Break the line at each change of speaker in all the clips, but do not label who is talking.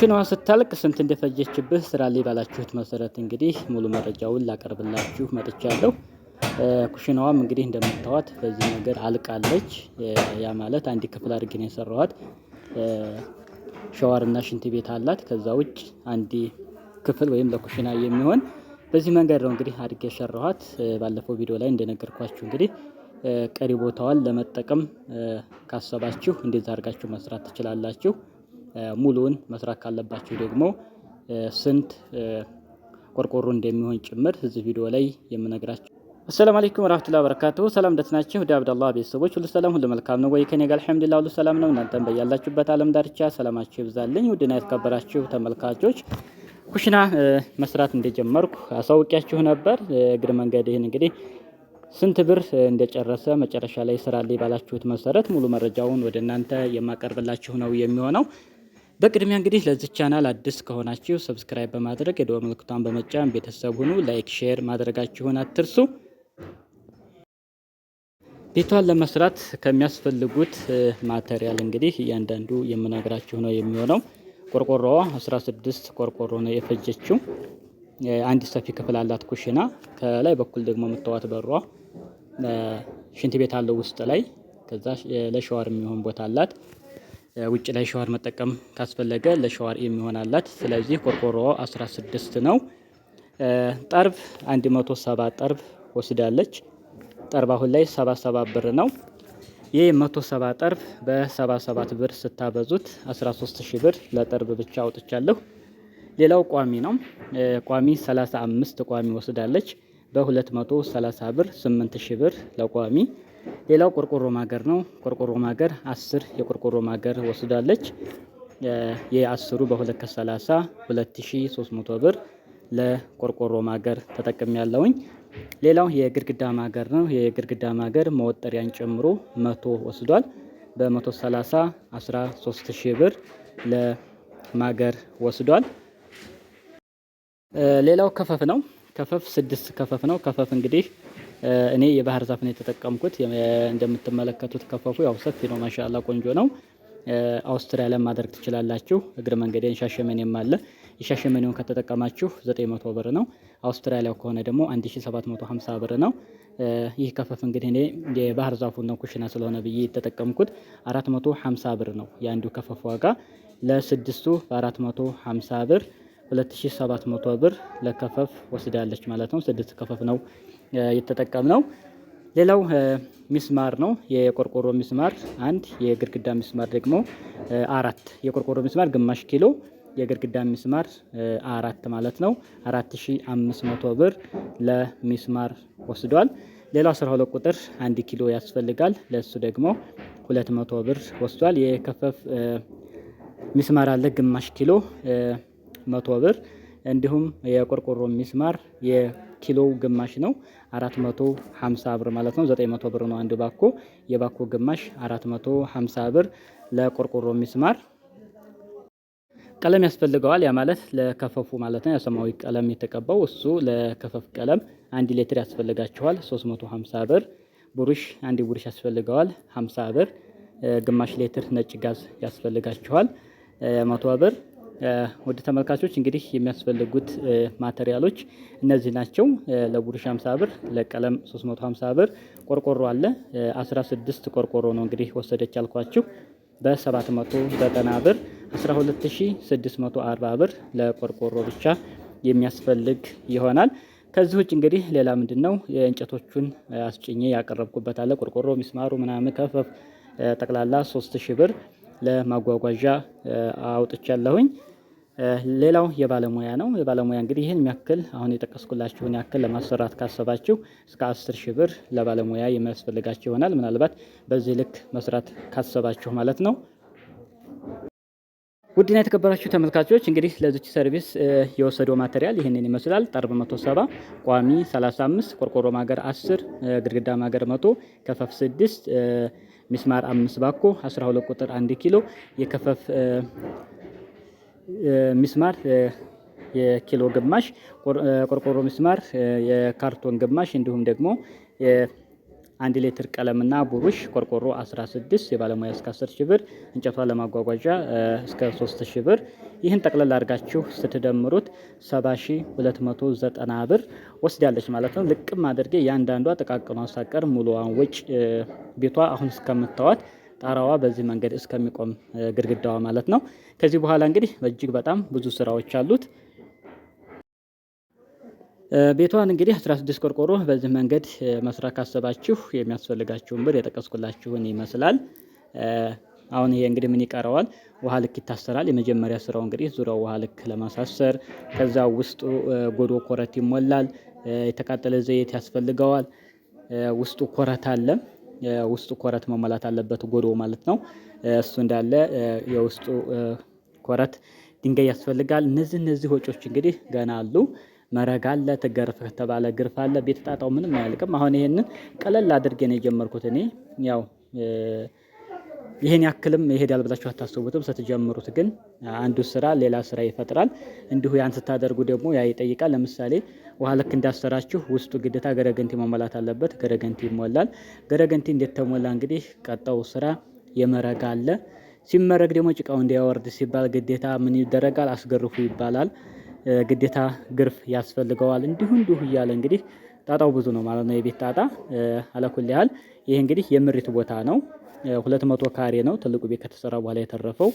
ማሽኗ ስታልቅ ስንት እንደፈጀችብህ ስራ ላይ ባላችሁት መሰረት እንግዲህ ሙሉ መረጃውን ላቀርብላችሁ መጥቻለሁ። ኩሽናዋም እንግዲህ እንደምታዋት በዚህ ነገር አልቃለች። ያ ማለት አንድ ክፍል አድርጌ ነው የሰራኋት። ሸዋርና ሽንት ቤት አላት። ከዛ ውጭ አንድ ክፍል ወይም ለኩሽና የሚሆን በዚህ መንገድ ነው እንግዲህ አድርጌ የሰራኋት። ባለፈው ቪዲዮ ላይ እንደነገርኳችሁ እንግዲህ ቀሪ ቦታዋን ለመጠቀም ካሰባችሁ እንደዛ አድርጋችሁ መስራት ትችላላችሁ። ሙሉውን መስራት ካለባችሁ ደግሞ ስንት ቆርቆሮ እንደሚሆን ጭምር እዚህ ቪዲዮ ላይ የምነግራችሁ። አሰላሙ አለይኩም ወራህመቱላሂ ወበረካቱሁ። ሰላም ደህና ናችሁ? ዳብድ አላህ ቤተሰቦች ሁሉ ሰላም ሁሉ መልካም ነው ወይ? ከኔ ጋር አልሐምዱሊላህ ሁሉ ሰላም ነው። እናንተም በያላችሁበት ዓለም ዳርቻ ሰላማችሁ ይብዛልኝ። ውድና የተከበራችሁ ተመልካቾች ኩሽና መስራት እንደጀመርኩ አሳውቂያችሁ ነበር። እግር መንገድ ይህን እንግዲህ ስንት ብር እንደጨረሰ መጨረሻ ላይ ስራ ላይ ባላችሁት መሰረት ሙሉ መረጃውን ወደ እናንተ የማቀርብላችሁ ነው የሚሆነው። በቅድሚያ እንግዲህ ለዚህ ቻናል አዲስ ከሆናችሁ ሰብስክራይብ በማድረግ የደወል ምልክቷን በመጫን ቤተሰብ ሁኑ። ላይክ፣ ሼር ማድረጋችሁን አትርሱ። ቤቷን ለመስራት ከሚያስፈልጉት ማቴሪያል እንግዲህ እያንዳንዱ የምነግራችሁ ነው የሚሆነው። ቆርቆሮዋ 16 ቆርቆሮ ነው የፈጀችው። አንድ ሰፊ ክፍል አላት ኩሽና። ከላይ በኩል ደግሞ የምታዋት በሯ ሽንት ቤት አለው ውስጥ ላይ። ከዛ ለሸዋር የሚሆን ቦታ አላት። ውጭ ላይ ሸዋር መጠቀም ካስፈለገ ለሸዋር የሚሆናላት። ስለዚህ ቆርቆሮ 16 ነው። ጠርብ 170 ጠርብ ወስዳለች። ጠርብ አሁን ላይ 77 ብር ነው። ይህ 170 ጠርብ በ77 ብር ስታበዙት 13000 ብር ለጠርብ ብቻ አውጥቻለሁ። ሌላው ቋሚ ነው። ቋሚ 35 ቋሚ ወስዳለች። በ230 ብር 8000 ብር ለቋሚ ሌላው ቆርቆሮ ማገር ነው። ቆርቆሮ ማገር አስር የቆርቆሮ ማገር ወስዳለች። የአስሩ በሁለት ከሰላሳ ሁለት ሺ ሶስት መቶ ብር ለቆርቆሮ ማገር ተጠቅም ያለውኝ። ሌላው የግድግዳ ማገር ነው። የግድግዳ ማገር መወጠሪያን ጨምሮ መቶ ወስዷል። በመቶ ሰላሳ አስራ ሶስት ሺ ብር ለማገር ወስዷል። ሌላው ከፈፍ ነው። ከፈፍ ስድስት ከፈፍ ነው። ከፈፍ እንግዲህ እኔ የባህር ዛፍ ነው የተጠቀምኩት። እንደምትመለከቱት ከፈፉ ያው ሰፊ ነው፣ ማሻላ ቆንጆ ነው። አውስትሪያ አውስትራሊያን ማድረግ ትችላላችሁ። እግረ መንገዴን ሻሸመኔም አለ። የሻሸመኔውን ከተጠቀማችሁ 900 ብር ነው። አውስትራሊያ ከሆነ ደግሞ 1750 ብር ነው። ይህ ከፈፍ እንግዲህ እኔ የባህር ዛፉ ነው ኩሽና ስለሆነ ብዬ የተጠቀምኩት 450 ብር ነው የአንዱ ከፈፍ ዋጋ። ለስድስቱ በ450 ብር 2700 ብር ለከፈፍ ወስዳለች ማለት ነው። ስድስት ከፈፍ ነው የተጠቀምነው። ሌላው ሚስማር ነው። የቆርቆሮ ሚስማር አንድ፣ የግድግዳ ሚስማር ደግሞ አራት። የቆርቆሮ ሚስማር ግማሽ ኪሎ፣ የግድግዳ ሚስማር አራት ማለት ነው። 4500 ብር ለሚስማር ወስዷል። ሌላው 12 ቁጥር አንድ ኪሎ ያስፈልጋል። ለሱ ደግሞ 200 ብር ወስዷል። የከፈፍ ሚስማር አለ ግማሽ ኪሎ 100 ብር። እንዲሁም የቆርቆሮ ሚስማር ኪሎ ግማሽ ነው 450 ብር ማለት ነው። 900 ብር ነው አንድ ባኮ። የባኮ ግማሽ 450 ብር። ለቆርቆሮ ሚስማር ቀለም ያስፈልገዋል። ያ ማለት ለከፈፉ ማለት ነው። ሰማያዊ ቀለም የተቀባው እሱ ለከፈፍ ቀለም አንድ ሌትር ያስፈልጋቸዋል 350 ብር። ቡሩሽ አንድ ቡሩሽ ያስፈልገዋል 50 ብር። ግማሽ ሌትር ነጭ ጋዝ ያስፈልጋቸዋል 100 ብር። ወደ ተመልካቾች እንግዲህ የሚያስፈልጉት ማቴሪያሎች እነዚህ ናቸው። ለቡሩሽ 50 ብር፣ ለቀለም 350 ብር፣ ቆርቆሮ አለ 16 ቆርቆሮ ነው እንግዲህ ወሰደች አልኳችሁ በ790 ብር 12640 ብር ለቆርቆሮ ብቻ የሚያስፈልግ ይሆናል። ከዚህ ውጭ እንግዲህ ሌላ ምንድን ነው የእንጨቶቹን አስጭኜ ያቀረብኩበት አለ ቆርቆሮ፣ ሚስማሩ ምናምን ከፈፍ ጠቅላላ 3000 ብር ለማጓጓዣ አውጥቻለሁኝ። ሌላው የባለሙያ ነው። የባለሙያ እንግዲህ ይህን ያክል አሁን የጠቀስኩላችሁን ያክል ለማሰራት ካሰባችሁ እስከ አስር ሺህ ብር ለባለሙያ የሚያስፈልጋችሁ ይሆናል። ምናልባት በዚህ ልክ መስራት ካሰባችሁ ማለት ነው። ውድና የተከበራችሁ ተመልካቾች እንግዲህ ለዚች ሰርቪስ የወሰደው ማቴሪያል ይህንን ይመስላል። ጠርብ 170 ቋሚ 35 ቆርቆሮ ማገር 10 ግድግዳ ማገር 100 ከፈፍ 6 ሚስማር 5 ባኮ 12 ቁጥር 1 ኪሎ የከፈፍ ሚስማር የኪሎ ግማሽ፣ ቆርቆሮ ሚስማር የካርቶን ግማሽ፣ እንዲሁም ደግሞ አንድ ሌትር ቀለምና ቡሩሽ ቆርቆሮ 16 የባለሙያ እስከ 10 ሺ ብር እንጨቷ ለማጓጓዣ እስከ 3 ሺ ብር። ይህን ጠቅለል አድርጋችሁ ስትደምሩት 7,290 ብር ወስዳለች ማለት ነው። ልቅም አድርጌ እያንዳንዷ ጥቃቅኗ ሳቀር ሙሉዋን ወጭ ቤቷ አሁን እስከምታዋት ጣራዋ በዚህ መንገድ እስከሚቆም ግድግዳዋ ማለት ነው። ከዚህ በኋላ እንግዲህ እጅግ በጣም ብዙ ስራዎች አሉት። ቤቷን እንግዲህ 16 ቆርቆሮ በዚህ መንገድ መስራት ካሰባችሁ የሚያስፈልጋችሁን ብር የጠቀስኩላችሁን ይመስላል። አሁን ይሄ እንግዲህ ምን ይቀረዋል? ውሃ ልክ ይታሰራል። የመጀመሪያ ስራው እንግዲህ ዙሪያው ውሃ ልክ ለማሳሰር፣ ከዛ ውስጡ ጎዶ ኮረት ይሞላል። የተቃጠለ ዘይት ያስፈልገዋል። ውስጡ ኮረት አለ። ውስጡ ኮረት መሞላት አለበት ጎዶ ማለት ነው። እሱ እንዳለ የውስጡ ኮረት ድንጋይ ያስፈልጋል። እነዚህ እነዚህ ወጪዎች እንግዲህ ገና አሉ። መረግ አለ፣ ትገርፍ ከተባለ ግርፍ አለ። ቤት ጣጣው ምንም አያልቅም። አሁን ይሄንን ቀለል አድርጌ ነው የጀመርኩት እኔ ያው ይሄን ያክልም ይሄዳል ብላችሁ አታስቡትም። ስትጀምሩት ግን አንዱ ስራ ሌላ ስራ ይፈጥራል። እንዲሁ ያን ስታደርጉ ደግሞ ያ ይጠይቃል። ለምሳሌ ውሃ ልክ እንዳሰራችሁ ውስጡ ግዴታ ገረገንቲ መሞላት አለበት። ገረገንቲ ይሞላል። ገረገንቲ እንደተሞላ እንግዲህ ቀጣው ስራ የመረግ አለ። ሲመረግ ደግሞ ጭቃው እንዲያወርድ ሲባል ግዴታ ምን ይደረጋል? አስገርፉ ይባላል። ግዴታ ግርፍ ያስፈልገዋል። እንዲሁ እንዲሁ እያለ እንግዲህ ጣጣው ብዙ ነው ማለት ነው። የቤት ጣጣ አለኩል ያህል ይህ እንግዲህ የምሪት ቦታ ነው። ሁለት መቶ ካሬ ነው። ትልቁ ቤት ከተሰራ በኋላ የተረፈው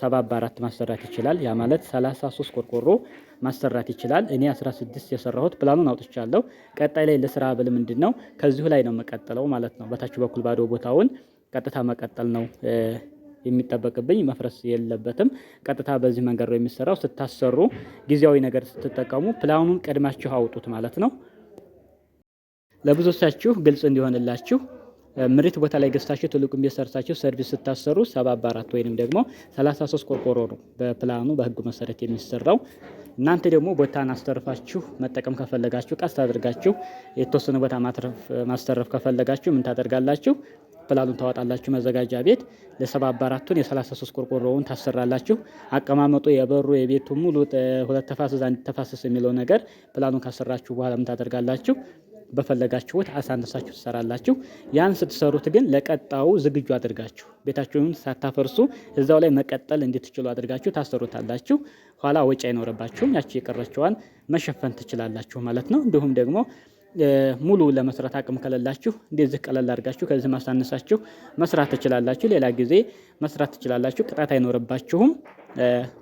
ሰባ በአራት ማሰራት ይችላል። ያ ማለት ሰላሳ ቆርቆሮ ማሰራት ይችላል። እኔ 16 የሰራሁት ፕላኑን አውጥቻለሁ። ቀጣይ ላይ ለስራ ብል ምንድን ነው ከዚሁ ላይ ነው የምቀጥለው ማለት ነው። በታች በኩል ባዶ ቦታውን ቀጥታ መቀጠል ነው የሚጠበቅብኝ መፍረስ የለበትም። ቀጥታ በዚህ መንገድ ነው የሚሰራው። ስታሰሩ ጊዜያዊ ነገር ስትጠቀሙ ፕላኑን ቀድማችሁ አውጡት ማለት ነው። ለብዙዎቻችሁ ግልጽ እንዲሆንላችሁ ምሪት ቦታ ላይ ገዝታችሁ ትልቁን ቤት ሰርታችሁ ሰርቪስ ስታሰሩ 74 ወይንም ደግሞ 33 ቆርቆሮ ነው በፕላኑ በህጉ መሰረት የሚሰራው። እናንተ ደግሞ ቦታን አስተርፋችሁ መጠቀም ከፈለጋችሁ ቀስ አድርጋችሁ የተወሰነ ቦታ ማስተረፍ ከፈለጋችሁ ምን ታደርጋላችሁ? ፕላኑን ታወጣላችሁ። መዘጋጃ ቤት ለሰባ አባራቱን የ33 ቆርቆሮውን ታሰራላችሁ። አቀማመጡ የበሩ የቤቱ ሙሉ ሁለት ተፋሰስ አንድ ተፋሰስ የሚለው ነገር ፕላኑን ካሰራችሁ በኋላ ምን ታደርጋላችሁ? በፈለጋችሁት አሳንሳችሁ ትሰራላችሁ። ያን ስትሰሩት ግን ለቀጣው ዝግጁ አድርጋችሁ ቤታችሁን ሳታፈርሱ እዛው ላይ መቀጠል እንድትችሉ አድርጋችሁ ታሰሩታላችሁ። ኋላ ወጪ አይኖረባችሁም። ያቺ የቀረችዋን መሸፈን ትችላላችሁ ማለት ነው። እንዲሁም ደግሞ ሙሉ ለመስራት አቅም ከሌላችሁ እንደዚህ ቀለል አድርጋችሁ ከዚህ ማሳነሳችሁ መስራት ትችላላችሁ። ሌላ ጊዜ መስራት ትችላላችሁ። ቅጣት አይኖርባችሁም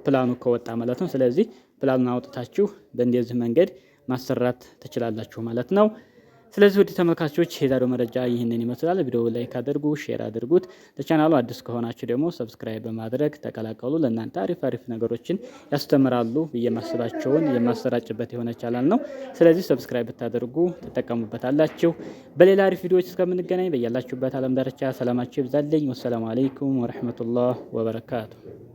ፕላኑ ከወጣ ማለት ነው። ስለዚህ ፕላኑን አውጥታችሁ በእንደዚህ መንገድ ማሰራት ትችላላችሁ ማለት ነው። ስለዚህ ውድ ተመልካቾች የዛሬው መረጃ ይህንን ይመስላል። ቪዲዮ ላይክ አድርጉ፣ ሼር አድርጉት። ለቻናሉ አዲስ ከሆናችሁ ደግሞ ሰብስክራይብ በማድረግ ተቀላቀሉ። ለእናንተ አሪፍ አሪፍ ነገሮችን ያስተምራሉ ብዬ ማስባቸውን የማሰራጭበት የሆነ ቻናል ነው። ስለዚህ ሰብስክራይብ ብታደርጉ ትጠቀሙበታላችሁ። በሌላ አሪፍ ቪዲዮዎች እስከምንገናኝ በያላችሁበት አለም ዳርቻ ሰላማችሁ ይብዛልኝ። ወሰላሙ አለይኩም ወረህመቱላህ ወበረካቱ